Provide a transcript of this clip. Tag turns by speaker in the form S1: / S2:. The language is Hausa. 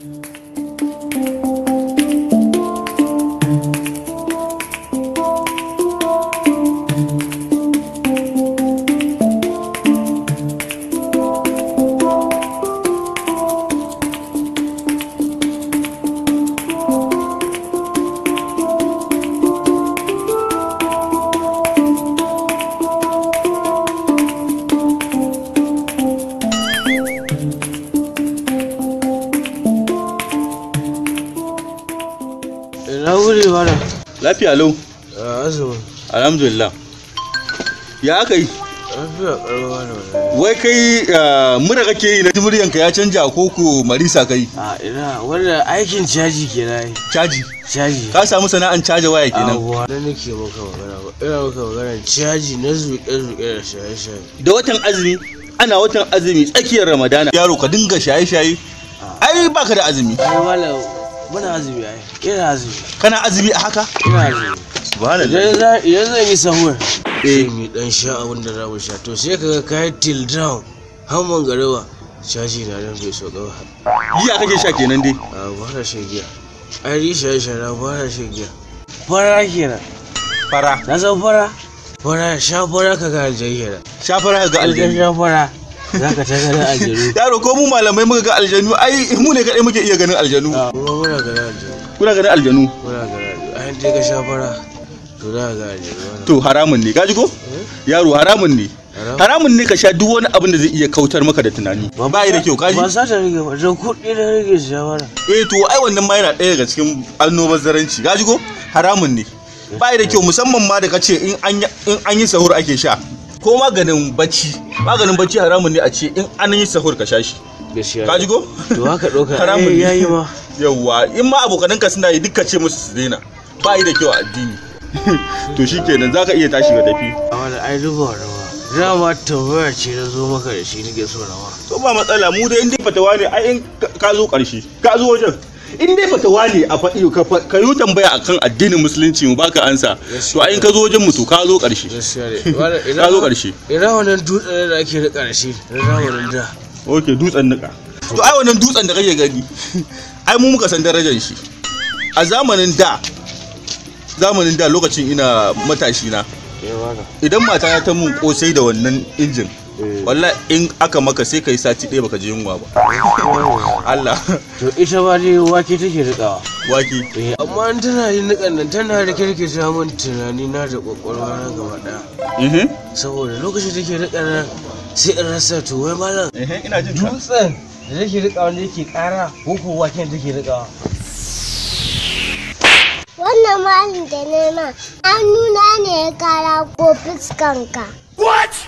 S1: Thank you. Na ba mara.
S2: Lafiya lau. Azumi. Alhamdulillah. Ya aka yi? Wai kai mura kake yi na jimiriyan ka ya canja ko ko marisa
S1: kai? A ina wanda aikin caji ke na yi? Caji. Caji. Ka samu sana'an caja waya kenan. Awwa na nake maka magana ba. Ina maka magana caji na zuƙe zuƙe da shaye shaye.
S2: Da watan azumi ana watan azumi tsakiyar Ramadana. Yaro ka dinga shaye shaye.
S1: Ai baka da azumi. Ai malam muna azumi a ai ina azumi kana azumi a haka ina azumi subhanallah idan zan yi sahur eh mi dan sha abin da zamu sha to sai kaga kai till down hamman garewa shashi na nan bai so gaba giya kake sha kenan dai a bara shan giya ai risha shara bara shan giya fara kenan fara na san fara fara sha fara kaga aljayyara sha fara kaga aljayyara sha fara za ka ta ganin aljanu yaro ko mu malamai muka ga aljanu ai
S2: mu ne kadai muke iya ah, ganin aljanu kuna
S1: ganin aljanu
S2: kuna ganin aljanu aljanu ai dai ka
S1: shafara to za ga aljanu to
S2: haramun ne kaji ko eh? yaro haramun ne haramun ne ka sha duk wani abin da zai iya kautar maka da tunani ba ba yi da kyau kaji ba sa ta
S1: rage ba da kuɗi
S2: da rage shawara eh to ai wannan ma yana ɗaya daga cikin annobar zaranci kaji ko haramun ne ba yi da kyau musamman ma da ce in an yi sahur ake sha ko maganin bacci maganin bacci haramun ne a ce in an yi sahur ka sha shi ka ko? to haka doka haramun eh, ne yayi ma yawa in ma abokanin ka suna yi duka ce musu su daina ba yi da kyau
S1: a addini to shikenan zaka iya tashi ka tafi wala ai zuba rawa dama tambaya ce na zo maka da shi nake so rawa
S2: to ba matsala mu dai in dai fatawa ne ai in ka zo karshe ka zo wajen in dai fatawa ne a faɗi ka yi tambaya akan addinin musulunci mu baka ansa to ayin ka zo wajen mutu ka zo ƙarshe ka zo ƙarshe
S1: ina wannan dutsen da ake da ƙarshe ina wannan da okay dutsen nika to ai wannan dutsen da
S2: kake gani ai mu muka san darajar shi a zamanin da zamanin da lokacin ina matashi na idan mata ta mun kosai da wannan injin Eh. wallah in aka maka sai kai sati ɗaya baka ji yunwa ba Allah
S1: to ita ba dai wake take rikawa wake eh, amma in tana yin nikan nan tana da kirki ta mun tunani na da kwakwalwa na gaba daya mhm. saboda lokacin take rika nan sai in rasa to wai malam eh, ina jin dutsen da take rika wanda yake kara ko ko waken take rikawa wannan Malam da nema an nuna ne ya kara ko fuskanka what